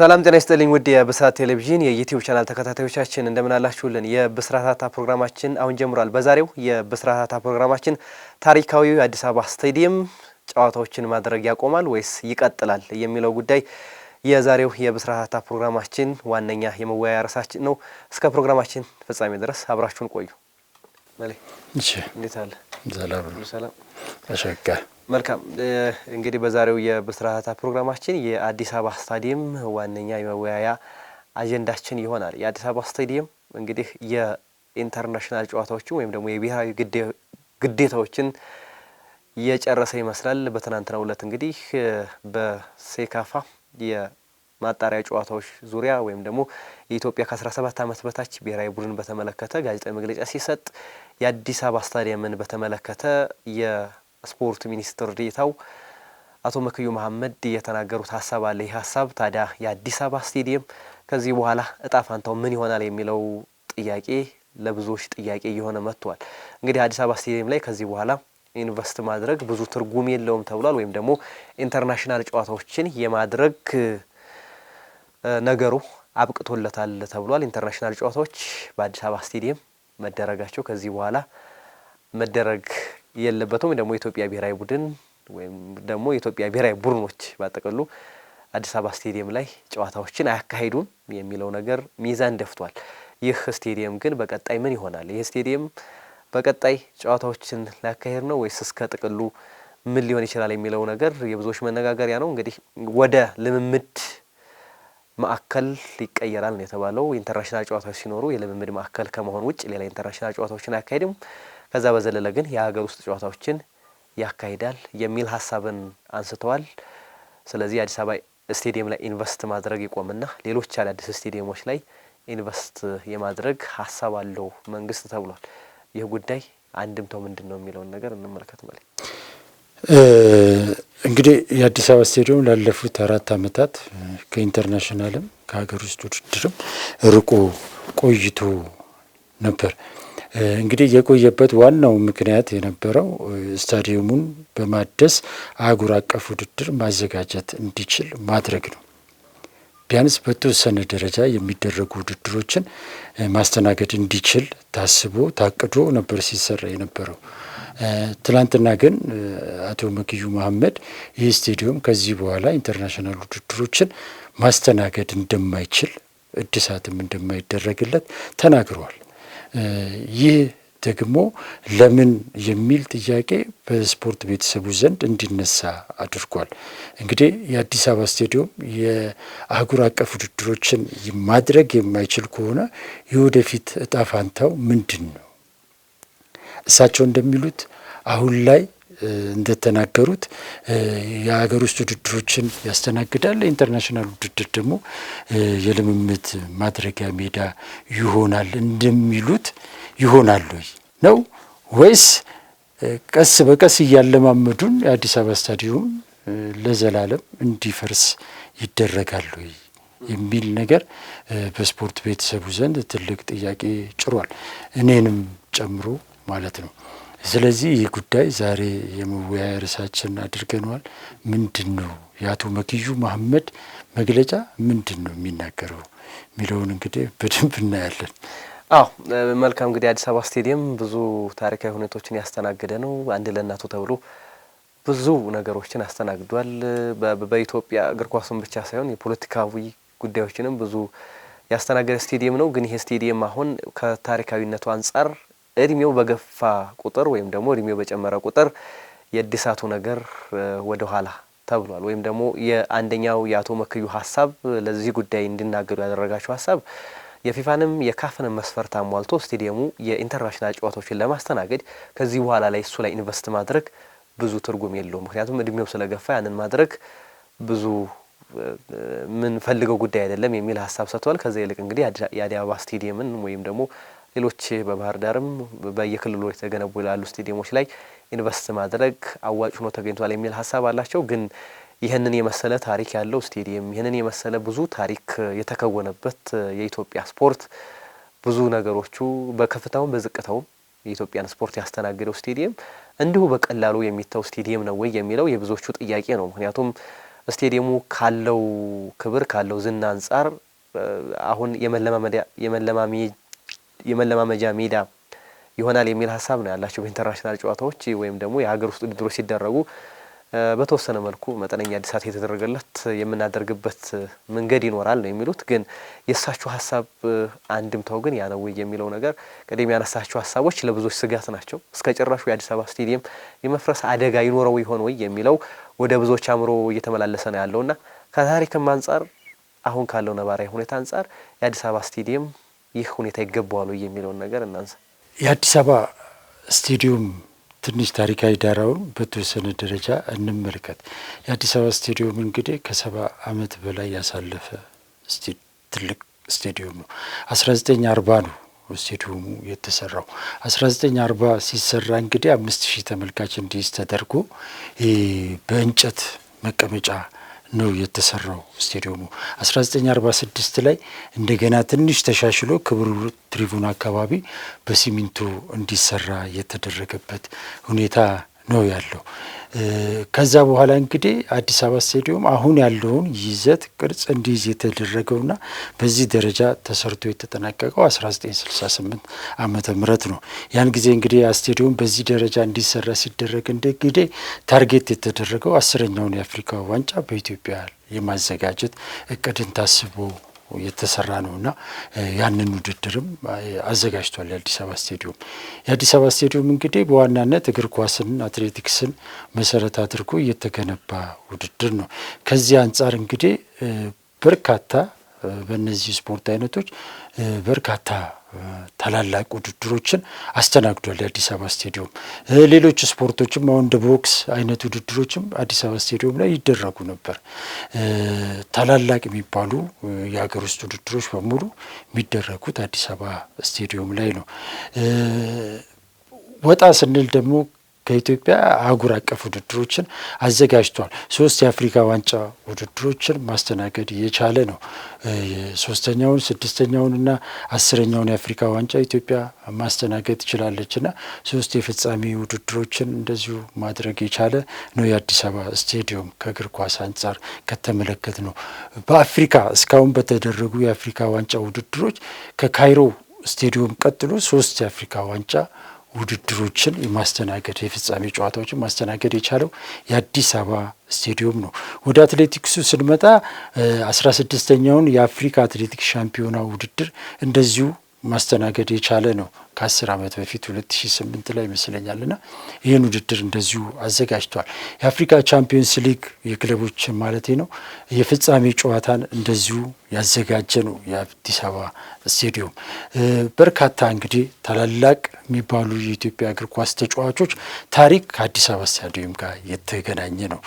ሰላም ጤና ይስጥልኝ ውድ የብስራት ቴሌቪዥን የዩቲዩብ ቻናል ተከታታዮቻችን እንደምናላችሁልን የብስራታታ ፕሮግራማችን አሁን ጀምሯል። በዛሬው የብስራታታ ፕሮግራማችን ታሪካዊ የአዲስ አበባ ስታዲየም ጨዋታዎችን ማድረግ ያቆማል ወይስ ይቀጥላል የሚለው ጉዳይ የዛሬው የብስራታታ ፕሮግራማችን ዋነኛ የመወያያ ርዕሳችን ነው። እስከ ፕሮግራማችን ፍጻሜ ድረስ አብራችሁን ቆዩ። እንዴት አለ ሰላም መልካም እንግዲህ በዛሬው የብስራታ ፕሮግራማችን የአዲስ አበባ ስታዲየም ዋነኛ የመወያያ አጀንዳችን ይሆናል። የአዲስ አበባ ስታዲየም እንግዲህ የኢንተርናሽናል ጨዋታዎችን ወይም ደግሞ የብሔራዊ ግዴታዎችን የጨረሰ ይመስላል። በትናንትናው ዕለት እንግዲህ በሴካፋ ማጣሪያ ጨዋታዎች ዙሪያ ወይም ደግሞ የኢትዮጵያ ከአስራ ሰባት ዓመት በታች ብሔራዊ ቡድን በተመለከተ ጋዜጣዊ መግለጫ ሲሰጥ የአዲስ አበባ ስታዲየምን በተመለከተ የስፖርት ሚኒስትር ዴታው አቶ መክዩ መሀመድ የተናገሩት ሀሳብ አለ። ይህ ሀሳብ ታዲያ የአዲስ አበባ ስቴዲየም ከዚህ በኋላ እጣ ፋንታው ምን ይሆናል የሚለው ጥያቄ ለብዙዎች ጥያቄ እየሆነ መጥቷል። እንግዲህ አዲስ አበባ ስቴዲየም ላይ ከዚህ በኋላ ኢንቨስት ማድረግ ብዙ ትርጉም የለውም ተብሏል። ወይም ደግሞ ኢንተርናሽናል ጨዋታዎችን የማድረግ ነገሩ አብቅቶለታል ተብሏል። ኢንተርናሽናል ጨዋታዎች በአዲስ አበባ ስቴዲየም መደረጋቸው ከዚህ በኋላ መደረግ የለበትም። ደግሞ የኢትዮጵያ ብሔራዊ ቡድን ወይም ደግሞ የኢትዮጵያ ብሔራዊ ቡድኖች በጥቅሉ አዲስ አበባ ስቴዲየም ላይ ጨዋታዎችን አያካሂዱም የሚለው ነገር ሚዛን ደፍቷል። ይህ ስቴዲየም ግን በቀጣይ ምን ይሆናል? ይህ ስቴዲየም በቀጣይ ጨዋታዎችን ሊያካሄድ ነው ወይስ እስከ ጥቅሉ ምን ሊሆን ይችላል የሚለው ነገር የብዙዎች መነጋገሪያ ነው። እንግዲህ ወደ ልምምድ ማዕከል ይቀየራል ነው የተባለው። ኢንተርናሽናል ጨዋታዎች ሲኖሩ የልምምድ ማዕከል ከመሆን ውጭ ሌላ ኢንተርናሽናል ጨዋታዎችን አያካሄድም። ከዛ በዘለለ ግን የሀገር ውስጥ ጨዋታዎችን ያካሂዳል የሚል ሀሳብን አንስተዋል። ስለዚህ አዲስ አበባ ስቴዲየም ላይ ኢንቨስት ማድረግ ይቆምና ሌሎች አዳዲስ ስቴዲየሞች ላይ ኢንቨስት የማድረግ ሀሳብ አለው መንግስት ተብሏል። ይህ ጉዳይ አንድምታው ምንድን ነው የሚለውን ነገር እንመለከት? መለኝ እንግዲህ የአዲስ አበባ ስቴዲየም ላለፉት አራት ዓመታት ከኢንተርናሽናልም ከሀገር ውስጥ ውድድርም ርቆ ቆይቶ ነበር። እንግዲህ የቆየበት ዋናው ምክንያት የነበረው ስታዲየሙን በማደስ አህጉር አቀፍ ውድድር ማዘጋጀት እንዲችል ማድረግ ነው። ቢያንስ በተወሰነ ደረጃ የሚደረጉ ውድድሮችን ማስተናገድ እንዲችል ታስቦ ታቅዶ ነበር ሲሰራ የነበረው። ትላንትና ግን አቶ መክዩ መሀመድ ይህ ስቴዲየም ከዚህ በኋላ ኢንተርናሽናል ውድድሮችን ማስተናገድ እንደማይችል እድሳትም እንደማይደረግለት ተናግረዋል። ይህ ደግሞ ለምን የሚል ጥያቄ በስፖርት ቤተሰቡ ዘንድ እንዲነሳ አድርጓል። እንግዲህ የአዲስ አበባ ስቴዲየም የአህጉር አቀፍ ውድድሮችን ማድረግ የማይችል ከሆነ የወደፊት እጣ ፋንታው ምንድን ነው? እሳቸው እንደሚሉት አሁን ላይ እንደተናገሩት የሀገር ውስጥ ውድድሮችን ያስተናግዳል። ኢንተርናሽናል ውድድር ደግሞ የልምምድ ማድረጊያ ሜዳ ይሆናል እንደሚሉት ይሆናል ወይ ነው ወይስ ቀስ በቀስ እያለማመዱን የአዲስ አበባ ስታዲየም ለዘላለም እንዲፈርስ ይደረጋል ወይ የሚል ነገር በስፖርት ቤተሰቡ ዘንድ ትልቅ ጥያቄ ጭሯል፣ እኔንም ጨምሮ ማለት ነው። ስለዚህ ይህ ጉዳይ ዛሬ የመወያያ ርዕሳችን አድርገነዋል። ምንድን ነው የአቶ መክዩ መሀመድ መግለጫ ምንድን ነው የሚናገረው የሚለውን እንግዲህ በደንብ እናያለን። አዎ መልካም እንግዲህ አዲስ አበባ ስቴዲየም ብዙ ታሪካዊ ሁኔታዎችን ያስተናገደ ነው። አንድ ለእናቱ ተብሎ ብዙ ነገሮችን አስተናግዷል። በኢትዮጵያ እግር ኳሱን ብቻ ሳይሆን የፖለቲካዊ ጉዳዮችንም ብዙ ያስተናገደ ስቴዲየም ነው። ግን ይሄ ስቴዲየም አሁን ከታሪካዊነቱ አንጻር እድሜው በገፋ ቁጥር ወይም ደግሞ እድሜው በጨመረ ቁጥር የእድሳቱ ነገር ወደ ኋላ ተብሏል። ወይም ደግሞ የአንደኛው የአቶ መክዩ ሀሳብ ለዚህ ጉዳይ እንዲናገዱ ያደረጋቸው ሀሳብ የፊፋንም የካፍንም መስፈርት አሟልቶ ስቴዲየሙ የኢንተርናሽናል ጨዋታዎችን ለማስተናገድ ከዚህ በኋላ ላይ እሱ ላይ ኢንቨስት ማድረግ ብዙ ትርጉም የለውም። ምክንያቱም እድሜው ስለገፋ ያንን ማድረግ ብዙ ምን ፈልገው ጉዳይ አይደለም የሚል ሀሳብ ሰጥቷል። ከዚ ይልቅ እንግዲህ የአዲስ አበባ ስቴዲየምን ወይም ደግሞ ሌሎች በባህር ዳርም በየክልሉ የተገነቡ ላሉ ስቴዲየሞች ላይ ኢንቨስት ማድረግ አዋጭ ሆኖ ተገኝቷል የሚል ሀሳብ አላቸው። ግን ይህንን የመሰለ ታሪክ ያለው ስቴዲየም ይህንን የመሰለ ብዙ ታሪክ የተከወነበት የኢትዮጵያ ስፖርት ብዙ ነገሮቹ በከፍታውም በዝቅታውም የኢትዮጵያን ስፖርት ያስተናገደው ስቴዲየም እንዲሁ በቀላሉ የሚታው ስቴዲየም ነው ወይ የሚለው የብዙዎቹ ጥያቄ ነው። ምክንያቱም ስቴዲየሙ ካለው ክብር ካለው ዝና አንጻር አሁን የመለማመጃ የመለማመጃ ሜዳ ይሆናል የሚል ሀሳብ ነው ያላቸው። በኢንተርናሽናል ጨዋታዎች ወይም ደግሞ የሀገር ውስጥ ውድድሮች ሲደረጉ በተወሰነ መልኩ መጠነኛ እድሳት የተደረገለት የምናደርግበት መንገድ ይኖራል ነው የሚሉት። ግን የእሳቸው ሀሳብ አንድምታው ግን ያነው የሚለው ነገር ቅድም ያነሳቸው ሀሳቦች ለብዙዎች ስጋት ናቸው። እስከ ጭራሹ የአዲስ አበባ ስቴዲየም የመፍረስ አደጋ ይኖረው ይሆን ወይ የሚለው ወደ ብዙዎች አእምሮ እየተመላለሰ ነው ያለውና ከታሪክም አንጻር አሁን ካለው ነባራዊ ሁኔታ አንጻር የአዲስ አበባ ስቴዲየም ይህ ሁኔታ ይገባዋሉ የሚለውን ነገር እናንሳ። የአዲስ አበባ ስቴዲየም ትንሽ ታሪካዊ ዳራውን በተወሰነ ደረጃ እንመልከት። የአዲስ አበባ ስቴዲየም እንግዲህ ከሰባ አመት በላይ ያሳለፈ ትልቅ ስቴዲየም ነው። አስራ ዘጠኝ አርባ ነው ስቴዲየሙ የተሰራው። አስራ ዘጠኝ አርባ ሲሰራ እንግዲህ አምስት ሺህ ተመልካች እንዲይዝ ተደርጎ በእንጨት መቀመጫ ነው የተሰራው ስቴዲየሙ 1946 ላይ እንደገና ትንሽ ተሻሽሎ ክብር ትሪቡን አካባቢ በሲሚንቶ እንዲሰራ የተደረገበት ሁኔታ ነው ያለው። ከዛ በኋላ እንግዲህ አዲስ አበባ ስቴዲየም አሁን ያለውን ይዘት ቅርጽ እንዲይዝ የተደረገውና በዚህ ደረጃ ተሰርቶ የተጠናቀቀው 1968 ዓመተ ምህረት ነው። ያን ጊዜ እንግዲህ ስቴዲየም በዚህ ደረጃ እንዲሰራ ሲደረግ እንግዲህ ታርጌት የተደረገው አስረኛውን የአፍሪካ ዋንጫ በኢትዮጵያ የማዘጋጀት እቅድን ታስቦ የተሰራ ነው እና ያንን ውድድርም አዘጋጅቷል የአዲስ አበባ ስቴዲዮም። የአዲስ አበባ ስቴዲዮም እንግዲህ በዋናነት እግር ኳስን፣ አትሌቲክስን መሰረት አድርጎ የተገነባ ውድድር ነው። ከዚህ አንጻር እንግዲህ በርካታ በእነዚህ ስፖርት አይነቶች በርካታ ታላላቅ ውድድሮችን አስተናግዷል የአዲስ አበባ ስቴዲየም። ሌሎች ስፖርቶችም አሁን እንደ ቦክስ አይነት ውድድሮችም አዲስ አበባ ስቴዲየም ላይ ይደረጉ ነበር። ታላላቅ የሚባሉ የሀገር ውስጥ ውድድሮች በሙሉ የሚደረጉት አዲስ አበባ ስቴዲየም ላይ ነው። ወጣ ስንል ደግሞ ከኢትዮጵያ አህጉር አቀፍ ውድድሮችን አዘጋጅቷል። ሶስት የአፍሪካ ዋንጫ ውድድሮችን ማስተናገድ የቻለ ነው። ሶስተኛውን፣ ስድስተኛውንና አስረኛውን የአፍሪካ ዋንጫ ኢትዮጵያ ማስተናገድ ትችላለችና ሶስት የፍጻሜ ውድድሮችን እንደዚሁ ማድረግ የቻለ ነው። የአዲስ አበባ ስቴዲየም ከእግር ኳስ አንጻር ከተመለከት ነው በአፍሪካ እስካሁን በተደረጉ የአፍሪካ ዋንጫ ውድድሮች ከካይሮ ስቴዲየም ቀጥሎ ሶስት የአፍሪካ ዋንጫ ውድድሮችን የማስተናገድ የፍጻሜ ጨዋታዎችን ማስተናገድ የቻለው የአዲስ አበባ ስቴዲየም ነው። ወደ አትሌቲክሱ ስንመጣ አስራ ስድስተኛውን የአፍሪካ አትሌቲክስ ሻምፒዮና ውድድር እንደዚሁ ማስተናገድ የቻለ ነው። ከአስር ዓመት በፊት 2008 ላይ ይመስለኛል ና ይህን ውድድር እንደዚሁ አዘጋጅቷል። የአፍሪካ ቻምፒዮንስ ሊግ የክለቦች ማለት ነው የፍጻሜ ጨዋታን እንደዚሁ ያዘጋጀ ነው የአዲስ አበባ ስቴዲየም። በርካታ እንግዲህ ታላላቅ የሚባሉ የኢትዮጵያ እግር ኳስ ተጫዋቾች ታሪክ ከአዲስ አበባ ስታዲየም ጋር የተገናኘ ነው።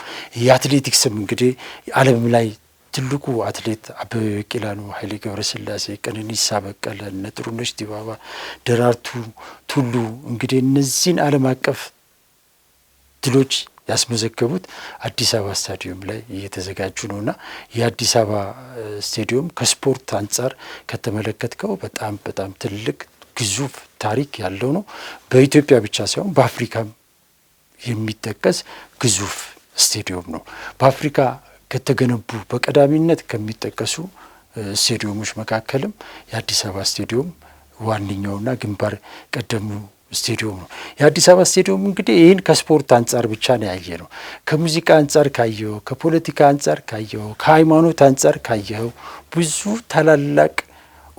የአትሌቲክስም እንግዲህ ዓለም ላይ ትልቁ አትሌት አበበ ቢቂላ ነው። ኃይሌ ገብረስላሴ፣ ቀነኒሳ በቀለ፣ እነ ጥሩነሽ ዲባባ፣ ደራርቱ ቱሉ እንግዲህ እነዚህን ዓለም አቀፍ ድሎች ያስመዘገቡት አዲስ አበባ ስታዲየም ላይ እየተዘጋጁ ነውና የአዲስ አበባ ስታዲየም ከስፖርት አንጻር ከተመለከትከው በጣም በጣም ትልቅ ግዙፍ ታሪክ ያለው ነው። በኢትዮጵያ ብቻ ሳይሆን በአፍሪካም የሚጠቀስ ግዙፍ ስታዲየም ነው። በአፍሪካ ከተገነቡ በቀዳሚነት ከሚጠቀሱ ስቴዲየሞች መካከልም የአዲስ አበባ ስቴዲዮም ዋነኛውና ግንባር ቀደሙ ስቴዲየም ነው። የአዲስ አበባ ስቴዲየም እንግዲህ ይህን ከስፖርት አንጻር ብቻ ነው ያየ ነው። ከሙዚቃ አንጻር ካየው፣ ከፖለቲካ አንጻር ካየው፣ ከሃይማኖት አንጻር ካየኸው ብዙ ታላላቅ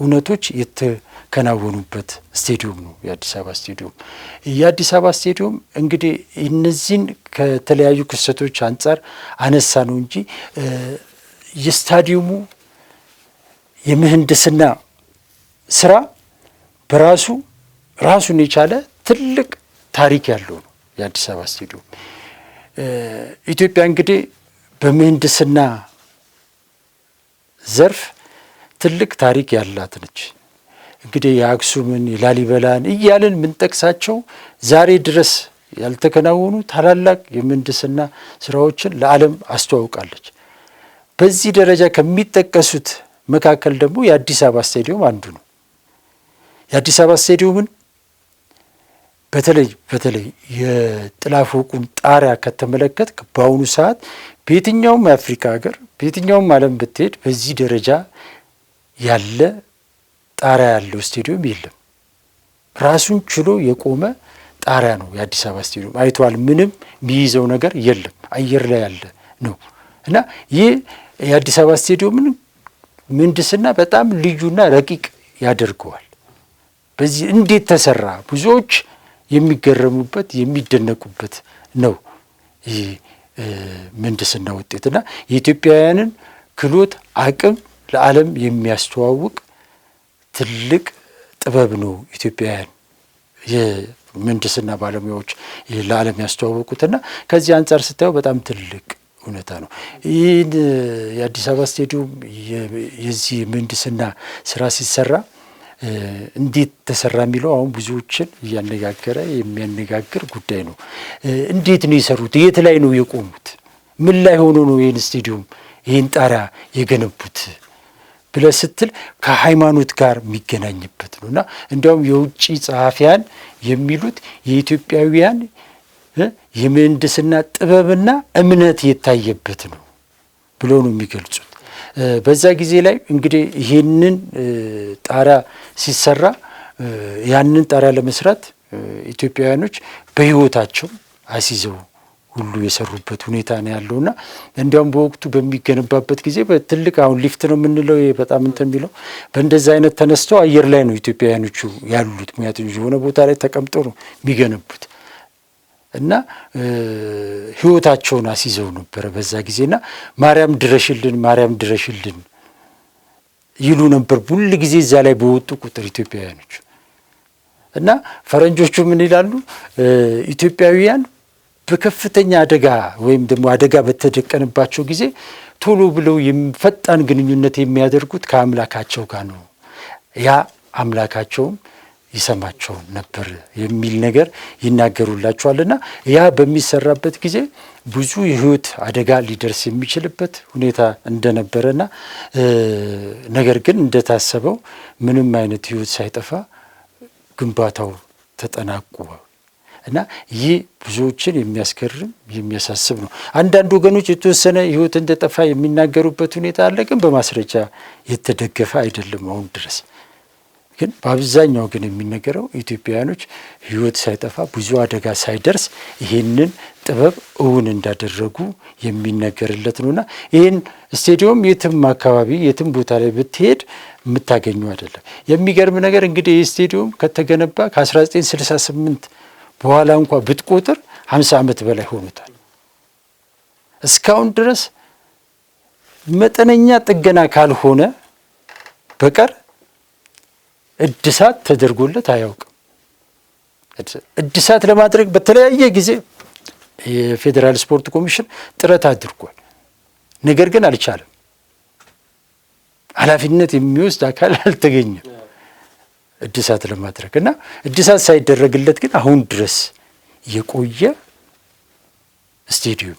እውነቶች የተ ያከናወኑበት ስቴዲየም ነው የአዲስ አበባ ስቴዲየም። የአዲስ አበባ ስቴዲየም እንግዲህ እነዚህን ከተለያዩ ክስተቶች አንጻር አነሳ ነው እንጂ የስታዲየሙ የምህንድስና ስራ በራሱ ራሱን የቻለ ትልቅ ታሪክ ያለው ነው የአዲስ አበባ ስቴዲየም። ኢትዮጵያ እንግዲህ በምህንድስና ዘርፍ ትልቅ ታሪክ ያላት ነች። እንግዲህ የአክሱምን የላሊበላን እያልን የምንጠቅሳቸው ዛሬ ድረስ ያልተከናወኑ ታላላቅ የምህንድስና ስራዎችን ለዓለም አስተዋውቃለች። በዚህ ደረጃ ከሚጠቀሱት መካከል ደግሞ የአዲስ አበባ ስታዲየም አንዱ ነው። የአዲስ አበባ ስቴዲየምን በተለይ በተለይ የጥላ ፎቁን ጣሪያ ከተመለከት በአሁኑ ሰዓት በየትኛውም የአፍሪካ ሀገር በየትኛውም ዓለም ብትሄድ በዚህ ደረጃ ያለ ጣሪያ ያለው ስቴዲየም የለም። ራሱን ችሎ የቆመ ጣሪያ ነው የአዲስ አበባ ስቴዲየም። አይተዋል። ምንም የሚይዘው ነገር የለም። አየር ላይ ያለ ነው እና ይህ የአዲስ አበባ ስቴዲየምን ምህንድስና በጣም ልዩና ረቂቅ ያደርገዋል። በዚህ እንዴት ተሰራ ብዙዎች የሚገረሙበት የሚደነቁበት ነው ይህ ምህንድስና ውጤትና የኢትዮጵያውያንን ክህሎት አቅም ለዓለም የሚያስተዋውቅ ትልቅ ጥበብ ነው ኢትዮጵያውያን የምህንድስና ባለሙያዎች ለዓለም ያስተዋወቁትና ከዚህ አንጻር ስታየው በጣም ትልቅ እውነታ ነው። ይህን የአዲስ አበባ ስቴዲየም የዚህ ምህንድስና ስራ ሲሰራ እንዴት ተሰራ የሚለው አሁን ብዙዎችን እያነጋገረ የሚያነጋግር ጉዳይ ነው። እንዴት ነው የሰሩት? የት ላይ ነው የቆሙት? ምን ላይ ሆኖ ነው ይህን ስቴዲየም ይህን ጣሪያ የገነቡት? ብለህ ስትል ከሃይማኖት ጋር የሚገናኝበት ነው እና እንዲያውም የውጭ ጸሐፊያን የሚሉት የኢትዮጵያውያን የምህንድስና ጥበብና እምነት የታየበት ነው ብለው ነው የሚገልጹት። በዛ ጊዜ ላይ እንግዲህ ይህንን ጣሪያ ሲሰራ ያንን ጣሪያ ለመስራት ኢትዮጵያውያኖች በህይወታቸው አስይዘው ሁሉ የሰሩበት ሁኔታ ነው ያለው እና እንዲያውም በወቅቱ በሚገነባበት ጊዜ ትልቅ አሁን ሊፍት ነው የምንለው በጣም እንትን የሚለው በእንደዚ አይነት ተነስተው አየር ላይ ነው ኢትዮጵያውያኖቹ ያሉት። ምክንያቱም የሆነ ቦታ ላይ ተቀምጠው ነው የሚገነቡት እና ህይወታቸውን አስይዘው ነበረ በዛ ጊዜና ማርያም ድረሽልን፣ ማርያም ድረሽልን ይሉ ነበር ሁል ጊዜ እዛ ላይ በወጡ ቁጥር ኢትዮጵያውያኖቹ እና ፈረንጆቹ ምን ይላሉ ኢትዮጵያውያን በከፍተኛ አደጋ ወይም ደግሞ አደጋ በተደቀንባቸው ጊዜ ቶሎ ብለው ፈጣን ግንኙነት የሚያደርጉት ከአምላካቸው ጋር ነው። ያ አምላካቸውም ይሰማቸው ነበር የሚል ነገር ይናገሩላቸዋልና ያ በሚሰራበት ጊዜ ብዙ የህይወት አደጋ ሊደርስ የሚችልበት ሁኔታ እንደነበረና ነገር ግን እንደታሰበው ምንም አይነት ህይወት ሳይጠፋ ግንባታው ተጠናቁ። እና ይህ ብዙዎችን የሚያስገርም የሚያሳስብ ነው። አንዳንድ ወገኖች የተወሰነ ህይወት እንደጠፋ የሚናገሩበት ሁኔታ አለ፣ ግን በማስረጃ የተደገፈ አይደለም። አሁን ድረስ ግን በአብዛኛው ግን የሚነገረው ኢትዮጵያውያኖች ህይወት ሳይጠፋ ብዙ አደጋ ሳይደርስ ይህንን ጥበብ እውን እንዳደረጉ የሚነገርለት ነውና ይህን ስቴዲየም የትም አካባቢ የትም ቦታ ላይ ብትሄድ የምታገኙ አይደለም። የሚገርም ነገር እንግዲህ ይህ ስቴዲየም ከተገነባ ከ1968 በኋላ እንኳ ብትቆጥር ሀምሳ ዓመት በላይ ሆኑታል። እስካሁን ድረስ መጠነኛ ጥገና ካልሆነ በቀር እድሳት ተደርጎለት አያውቅም። እድሳት ለማድረግ በተለያየ ጊዜ የፌዴራል ስፖርት ኮሚሽን ጥረት አድርጓል። ነገር ግን አልቻለም። ኃላፊነት የሚወስድ አካል አልተገኘም። እድሳት ለማድረግ እና እድሳት ሳይደረግለት ግን አሁን ድረስ የቆየ ስቴዲየም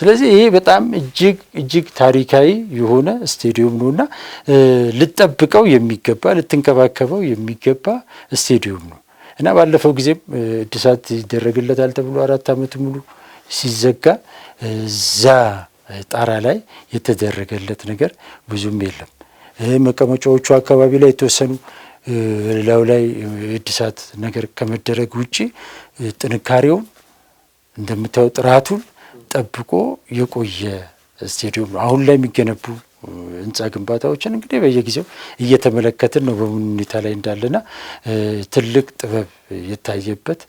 ስለዚህ ይሄ በጣም እጅግ እጅግ ታሪካዊ የሆነ ስቴዲየም ነው እና ልጠብቀው የሚገባ ልትንከባከበው የሚገባ ስቴዲየም ነው እና ባለፈው ጊዜም እድሳት ይደረግለታል ተብሎ አራት ዓመት ሙሉ ሲዘጋ እዛ ጣራ ላይ የተደረገለት ነገር ብዙም የለም። መቀመጫዎቹ አካባቢ ላይ የተወሰኑ ሌላው ላይ እድሳት ነገር ከመደረግ ውጭ ጥንካሬውን እንደምታየው ጥራቱን ጠብቆ የቆየ ስቴዲየም ነው። አሁን ላይ የሚገነቡ ህንፃ ግንባታዎችን እንግዲህ በየጊዜው እየተመለከትን ነው በምን ሁኔታ ላይ እንዳለና ትልቅ ጥበብ የታየበት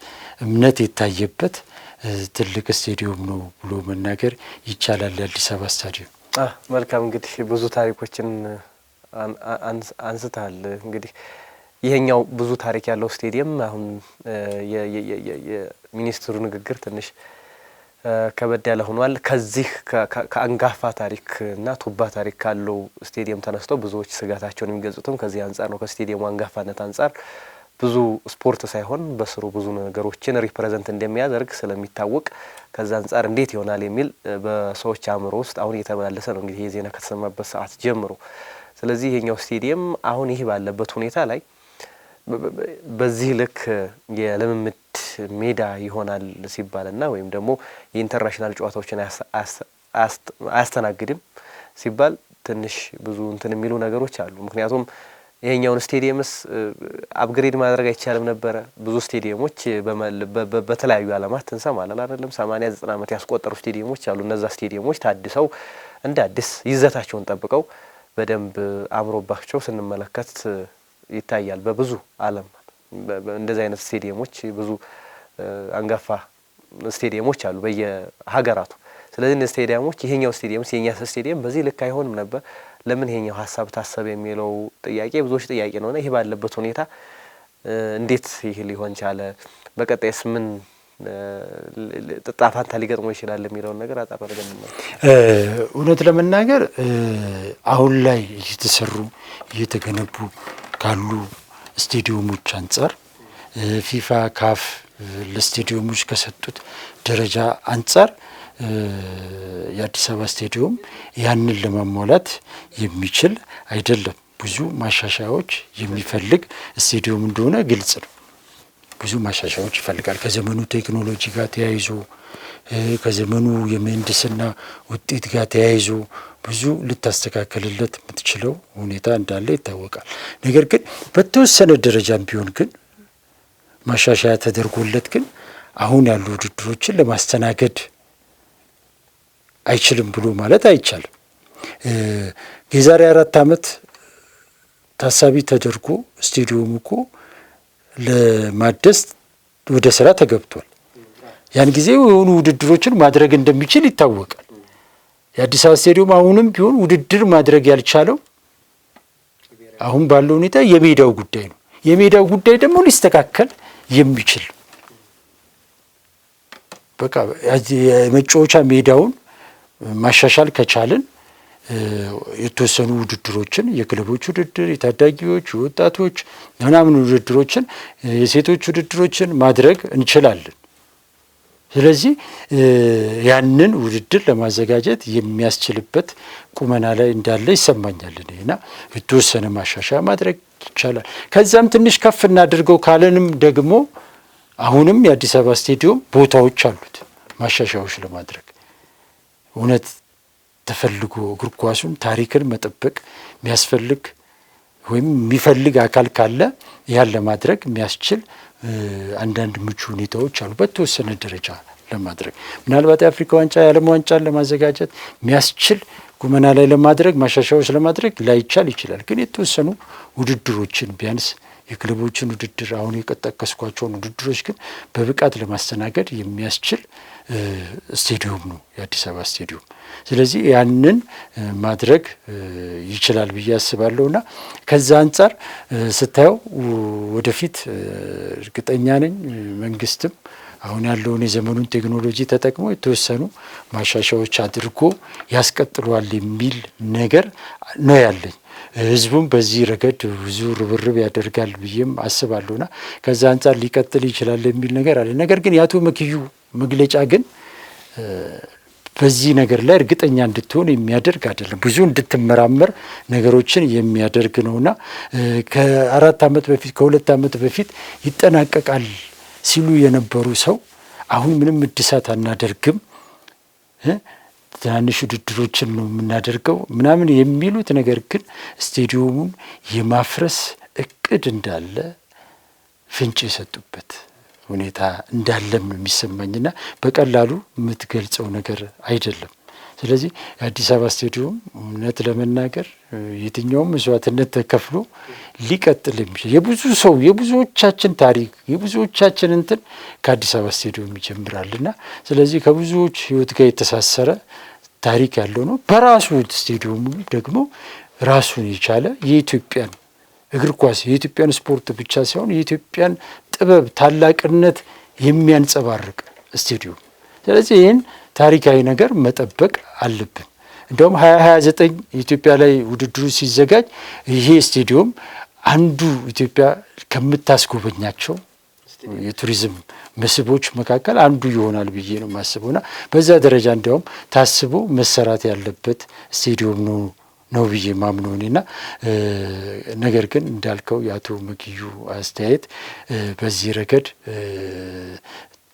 እምነት የታየበት ትልቅ ስቴዲየም ነው ብሎ መናገር ይቻላል። ለአዲስ አበባ ስታዲየም መልካም እንግዲህ ብዙ ታሪኮችን አንስታል እንግዲህ ይሄኛው ብዙ ታሪክ ያለው ስቴዲየም አሁን የሚኒስትሩ ንግግር ትንሽ ከበድ ያለ ሆኗል። ከዚህ ከአንጋፋ ታሪክ እና ቱባ ታሪክ ካለው ስቴዲየም ተነስተው ብዙዎች ስጋታቸውን የሚገልጹትም ከዚህ አንጻር ነው። ከስቴዲየሙ አንጋፋነት አንጻር ብዙ ስፖርት ሳይሆን በስሩ ብዙ ነገሮችን ሪፕሬዘንት እንደሚያደርግ ስለሚታወቅ ከዛ አንጻር እንዴት ይሆናል የሚል በሰዎች አእምሮ ውስጥ አሁን እየተመላለሰ ነው እንግዲህ የዜና ከተሰማበት ሰዓት ጀምሮ። ስለዚህ ይሄኛው ስቴዲየም አሁን ይህ ባለበት ሁኔታ ላይ በዚህ ልክ የልምምድ ሜዳ ይሆናል ሲባልና ወይም ደግሞ የኢንተርናሽናል ጨዋታዎችን አያስተናግድም ሲባል ትንሽ ብዙ እንትን የሚሉ ነገሮች አሉ። ምክንያቱም ይሄኛውን ስቴዲየምስ አፕግሬድ ማድረግ አይቻልም ነበረ። ብዙ ስቴዲየሞች በተለያዩ ዓለማት እንሰማለን አይደለም፣ ሰማንያ ዘጠና ዓመት ያስቆጠሩ ስቴዲየሞች አሉ። እነዛ ስቴዲየሞች ታድሰው እንደ አዲስ ይዘታቸውን ጠብቀው በደንብ አምሮባቸው ስንመለከት ይታያል። በብዙ ዓለም እንደዚህ አይነት ስቴዲየሞች ብዙ አንጋፋ ስቴዲየሞች አሉ በየሀገራቱ። ስለዚህ እነዚህ ስቴዲየሞች ይሄኛው ስቴዲየም የኛ ስቴዲየም በዚህ ልክ አይሆንም ነበር፣ ለምን ይሄኛው ሀሳብ ታሰብ የሚለው ጥያቄ ብዙዎች ጥያቄ ነውና ይሄ ባለበት ሁኔታ እንዴት ይህ ሊሆን ቻለ፣ በቀጣይስ ምን ጣፋንታ ሊገጥሞ ይችላል የሚለውን ነገር አጣር እውነት ለመናገር አሁን ላይ እየተሰሩ እየተገነቡ ካሉ ስቴዲየሞች አንጻር ፊፋ ካፍ ለስቴዲየሞች ከሰጡት ደረጃ አንጻር የአዲስ አበባ ስቴዲየም ያንን ለማሟላት የሚችል አይደለም። ብዙ ማሻሻያዎች የሚፈልግ ስቴዲየም እንደሆነ ግልጽ ነው። ብዙ ማሻሻያዎች ይፈልጋል። ከዘመኑ ቴክኖሎጂ ጋር ተያይዞ ከዘመኑ የምህንድስና ውጤት ጋር ተያይዞ ብዙ ልታስተካከልለት የምትችለው ሁኔታ እንዳለ ይታወቃል። ነገር ግን በተወሰነ ደረጃም ቢሆን ግን ማሻሻያ ተደርጎለት ግን አሁን ያሉ ውድድሮችን ለማስተናገድ አይችልም ብሎ ማለት አይቻልም። የዛሬ አራት ዓመት ታሳቢ ተደርጎ ስቴዲየሙ እኮ ለማደስ ወደ ስራ ተገብቷል። ያን ጊዜ የሆኑ ውድድሮችን ማድረግ እንደሚችል ይታወቃል። የአዲስ አበባ ስቴዲየም አሁንም ቢሆን ውድድር ማድረግ ያልቻለው አሁን ባለው ሁኔታ የሜዳው ጉዳይ ነው። የሜዳው ጉዳይ ደግሞ ሊስተካከል የሚችል በቃ የመጫወቻ ሜዳውን ማሻሻል ከቻልን የተወሰኑ ውድድሮችን የክለቦች ውድድር፣ የታዳጊዎች፣ የወጣቶች ምናምን ውድድሮችን፣ የሴቶች ውድድሮችን ማድረግ እንችላለን። ስለዚህ ያንን ውድድር ለማዘጋጀት የሚያስችልበት ቁመና ላይ እንዳለ ይሰማኛል እና የተወሰነ ማሻሻያ ማድረግ ይቻላል። ከዚያም ትንሽ ከፍ እናድርገው ካለንም ደግሞ አሁንም የአዲስ አበባ ስቴዲዮም ቦታዎች አሉት ማሻሻያዎች ለማድረግ እውነት ተፈልጎ እግር ኳሱን ታሪክን መጠበቅ የሚያስፈልግ ወይም የሚፈልግ አካል ካለ ያን ለማድረግ የሚያስችል አንዳንድ ምቹ ሁኔታዎች አሉ። በተወሰነ ደረጃ ለማድረግ ምናልባት የአፍሪካ ዋንጫ የዓለም ዋንጫን ለማዘጋጀት የሚያስችል ጉመና ላይ ለማድረግ ማሻሻያዎች ለማድረግ ላይቻል ይችላል። ግን የተወሰኑ ውድድሮችን ቢያንስ የክለቦችን ውድድር አሁን የጠቀስኳቸውን ውድድሮች ግን በብቃት ለማስተናገድ የሚያስችል ስቴዲየም ነው የአዲስ አበባ ስቴዲየም። ስለዚህ ያንን ማድረግ ይችላል ብዬ አስባለሁ እና ከዛ አንጻር ስታየው ወደፊት እርግጠኛ ነኝ መንግስትም አሁን ያለውን የዘመኑን ቴክኖሎጂ ተጠቅሞ የተወሰኑ ማሻሻዎች አድርጎ ያስቀጥሏል የሚል ነገር ነው ያለኝ። ህዝቡም በዚህ ረገድ ብዙ ርብርብ ያደርጋል ብዬም አስባለሁና ከዛ አንጻር ሊቀጥል ይችላል የሚል ነገር አለ። ነገር ግን የአቶ መክዩ መግለጫ ግን በዚህ ነገር ላይ እርግጠኛ እንድትሆን የሚያደርግ አይደለም። ብዙ እንድትመራመር ነገሮችን የሚያደርግ ነውና ከአራት ዓመት በፊት ከሁለት ዓመት በፊት ይጠናቀቃል ሲሉ የነበሩ ሰው አሁን ምንም እድሳት አናደርግም፣ ትናንሽ ውድድሮችን ነው የምናደርገው ምናምን የሚሉት ነገር ግን ስቴዲየሙን የማፍረስ እቅድ እንዳለ ፍንጭ የሰጡበት ሁኔታ እንዳለም ነው የሚሰማኝና በቀላሉ የምትገልጸው ነገር አይደለም። ስለዚህ የአዲስ አበባ ስቴዲዮም እውነት ለመናገር የትኛውም መስዋዕትነት ተከፍሎ ሊቀጥል የሚችል የብዙ ሰው የብዙዎቻችን ታሪክ የብዙዎቻችን እንትን ከአዲስ አበባ ስቴዲዮም ይጀምራልና ስለዚህ ከብዙዎች ሕይወት ጋር የተሳሰረ ታሪክ ያለው ነው። በራሱ ስቴዲዮሙ ደግሞ ራሱን የቻለ የኢትዮጵያን እግር ኳስ የኢትዮጵያን ስፖርት ብቻ ሳይሆን የኢትዮጵያን ጥበብ ታላቅነት የሚያንጸባርቅ ስቴዲዮም። ስለዚህ ይህን ታሪካዊ ነገር መጠበቅ አለብን። እንደውም ሀያ ኢትዮጵያ ላይ ውድድሩ ሲዘጋጅ ይሄ ስቴዲዮም አንዱ ኢትዮጵያ ከምታስጎበኛቸው የቱሪዝም መስህቦች መካከል አንዱ ይሆናል ብዬ ነው የማስበውና በዛ ደረጃ እንዲያውም ታስቦ መሰራት ያለበት ስቴዲዮም ነው ነው ብዬ ማምነው እኔና ነገር ግን እንዳልከው የአቶ መግዩ አስተያየት በዚህ ረገድ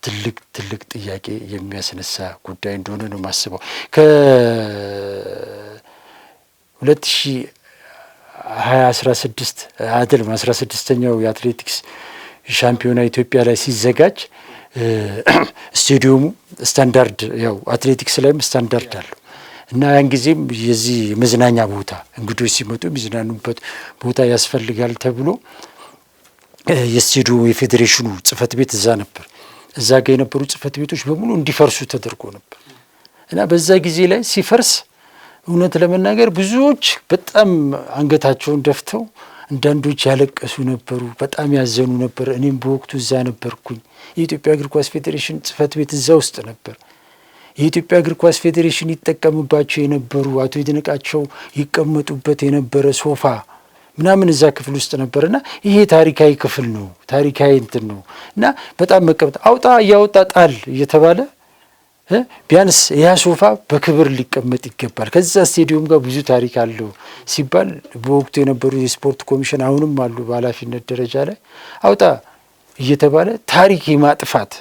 ትልቅ ትልቅ ጥያቄ የሚያስነሳ ጉዳይ እንደሆነ ነው የማስበው። ከሁለት ሺ ሀያ አስራ ስድስት አይደለም አስራ ስድስተኛው የአትሌቲክስ ሻምፒዮና ኢትዮጵያ ላይ ሲዘጋጅ ስቴዲየሙ ስታንዳርድ ያው አትሌቲክስ ላይም ስታንዳርድ አለው እና ያን ጊዜም የዚህ መዝናኛ ቦታ እንግዶች ሲመጡ የሚዝናኑበት ቦታ ያስፈልጋል ተብሎ የስቴዲዮ የፌዴሬሽኑ ጽህፈት ቤት እዛ ነበር። እዛ ጋ የነበሩ ጽህፈት ቤቶች በሙሉ እንዲፈርሱ ተደርጎ ነበር እና በዛ ጊዜ ላይ ሲፈርስ እውነት ለመናገር ብዙዎች በጣም አንገታቸውን ደፍተው አንዳንዶች ያለቀሱ ነበሩ፣ በጣም ያዘኑ ነበር። እኔም በወቅቱ እዛ ነበርኩኝ። የኢትዮጵያ እግር ኳስ ፌዴሬሽን ጽህፈት ቤት እዛ ውስጥ ነበር። የኢትዮጵያ እግር ኳስ ፌዴሬሽን ይጠቀምባቸው የነበሩ አቶ ይድነቃቸው ይቀመጡበት የነበረ ሶፋ ምናምን እዛ ክፍል ውስጥ ነበር ና ይሄ ታሪካዊ ክፍል ነው፣ ታሪካዊ እንትን ነው እና በጣም መቀመጥ አውጣ እያወጣ ጣል እየተባለ ቢያንስ ያ ሶፋ በክብር ሊቀመጥ ይገባል። ከዛ ስቴዲዮም ጋር ብዙ ታሪክ አለው ሲባል በወቅቱ የነበሩ የስፖርት ኮሚሽን አሁንም አሉ በኃላፊነት ደረጃ ላይ አውጣ እየተባለ ታሪክ የማጥፋት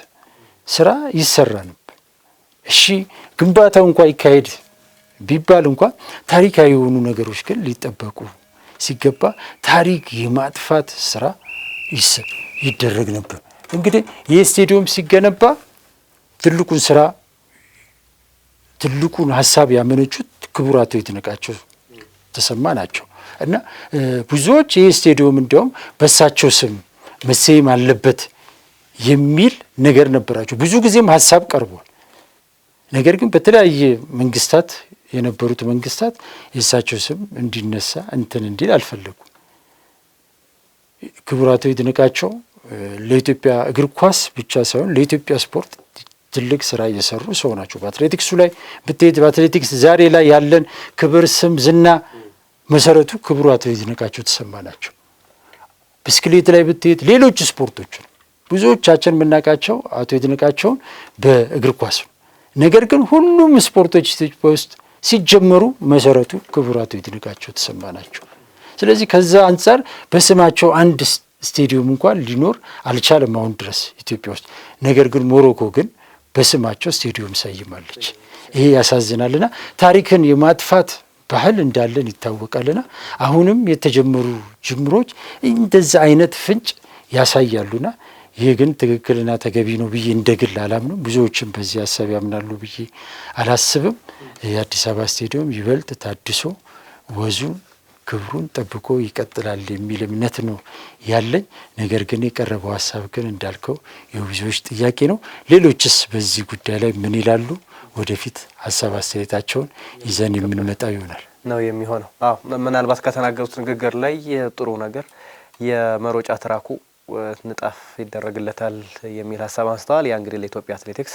ስራ ይሰራ ነው። እሺ ግንባታው እንኳ ይካሄድ ቢባል እንኳ ታሪካዊ የሆኑ ነገሮች ግን ሊጠበቁ ሲገባ ታሪክ የማጥፋት ስራ ይደረግ ነበር። እንግዲህ ይህ ስቴዲየም ሲገነባ ትልቁን ስራ ትልቁን ሀሳብ ያመነጩት ክቡር አቶ ተሰማ ናቸው እና ብዙዎች ይህ ስቴዲየም እንዲያውም በእሳቸው ስም መሰየም አለበት የሚል ነገር ነበራቸው። ብዙ ጊዜም ሀሳብ ቀርቧል። ነገር ግን በተለያየ መንግስታት የነበሩት መንግስታት የእሳቸው ስም እንዲነሳ እንትን እንዲል አልፈለጉም። ክቡራቱ ይድነቃቸው ለኢትዮጵያ እግር ኳስ ብቻ ሳይሆን ለኢትዮጵያ ስፖርት ትልቅ ስራ እየሰሩ ሰው ናቸው። በአትሌቲክሱ ላይ ብትሄድ በአትሌቲክስ ዛሬ ላይ ያለን ክብር፣ ስም፣ ዝና መሰረቱ አቶ ይድነቃቸው ተሰማ ናቸው። ብስክሌት ላይ ብትሄድ፣ ሌሎች ስፖርቶች ብዙዎቻችን የምናውቃቸው አቶ ይድነቃቸውን በእግር ኳስ ነው። ነገር ግን ሁሉም ስፖርቶች ኢትዮጵያ ውስጥ ሲጀመሩ መሰረቱ ክቡር አቶ ይድነቃቸው ተሰማ ናቸው። ስለዚህ ከዛ አንጻር በስማቸው አንድ ስቴዲየም እንኳን ሊኖር አልቻለም አሁን ድረስ ኢትዮጵያ ውስጥ። ነገር ግን ሞሮኮ ግን በስማቸው ስቴዲየም ሰይማለች። ይሄ ያሳዝናልና ታሪክን የማጥፋት ባህል እንዳለን ይታወቃልና አሁንም የተጀመሩ ጅምሮች እንደዛ አይነት ፍንጭ ያሳያሉና ይህ ግን ትክክልና ተገቢ ነው ብዬ እንደግል አላምንም። ብዙዎችም በዚህ ሀሳብ ያምናሉ ብዬ አላስብም። የአዲስ አበባ ስቴዲየም ይበልጥ ታድሶ ወዙን ክብሩን ጠብቆ ይቀጥላል የሚል እምነት ነው ያለኝ። ነገር ግን የቀረበው ሀሳብ ግን እንዳልከው የብዙዎች ጥያቄ ነው። ሌሎችስ በዚህ ጉዳይ ላይ ምን ይላሉ? ወደፊት ሀሳብ አስተያየታቸውን ይዘን የምንመጣው ይሆናል ነው የሚሆነው። አዎ ምናልባት ከተናገሩት ንግግር ላይ ጥሩ ነገር የመሮጫ ትራኩ ንጣፍ ይደረግለታል የሚል ሀሳብ አንስተዋል። ያ እንግዲህ ለኢትዮጵያ አትሌቲክስ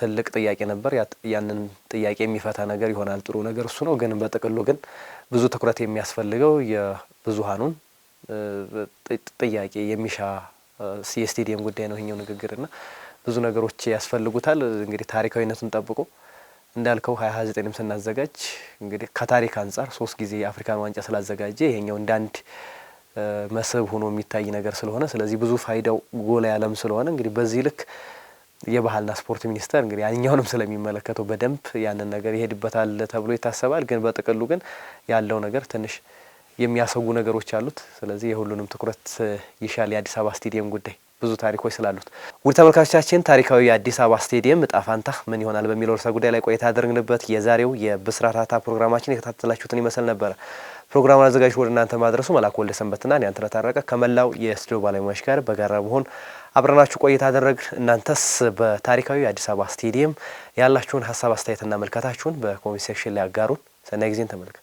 ትልቅ ጥያቄ ነበር። ያንን ጥያቄ የሚፈታ ነገር ይሆናል። ጥሩ ነገር እሱ ነው። ግን በጥቅሉ ግን ብዙ ትኩረት የሚያስፈልገው የብዙሀኑን ጥያቄ የሚሻ የስቴዲየም ጉዳይ ነው ይሄኛው ንግግርና ብዙ ነገሮች ያስፈልጉታል። እንግዲህ ታሪካዊነቱን ጠብቆ እንዳልከው ሀያ ሀያ ዘጠኝም ስናዘጋጅ እንግዲህ ከታሪክ አንጻር ሶስት ጊዜ የአፍሪካን ዋንጫ ስላዘጋጀ ይሄኛው እንዳንድ መስህብ ሆኖ የሚታይ ነገር ስለሆነ ስለዚህ ብዙ ፋይዳው ጎላ ያለም ስለሆነ እንግዲህ በዚህ ልክ የባህልና ስፖርት ሚኒስቴር እንግዲህ ያኛውንም ስለሚመለከተው በደንብ ያንን ነገር ይሄድበታል ተብሎ ይታሰባል። ግን በጥቅሉ ግን ያለው ነገር ትንሽ የሚያሰጉ ነገሮች አሉት። ስለዚህ የሁሉንም ትኩረት ይሻል የአዲስ አበባ ስቴዲየም ጉዳይ ብዙ ታሪኮች ስላሉት። ውድ ተመልካቾቻችን ታሪካዊ የአዲስ አበባ ስቴዲየም እጣ ፋንታ ምን ይሆናል በሚለው ርዕሰ ጉዳይ ላይ ቆይታ ያደረግንበት የዛሬው የብስራታታ ፕሮግራማችን የከታተላችሁትን ይመስል ነበረ። ፕሮግራሙን አዘጋጅ ወደ እናንተ ማድረሱ መላኩ ወልደ ሰንበትና እኔ አንተነህ ታረቀ ከመላው የስቱዲዮ ባለሙያዎች ጋር በጋራ መሆን አብረናችሁ ቆይታ አደረግ። እናንተስ በታሪካዊ የአዲስ አበባ ስቴዲየም ያላችሁን ሀሳብ አስተያየትና መልካታችሁን በኮሜንት ሴክሽን ላይ አጋሩን። ሰናይ ጊዜን ተመልከ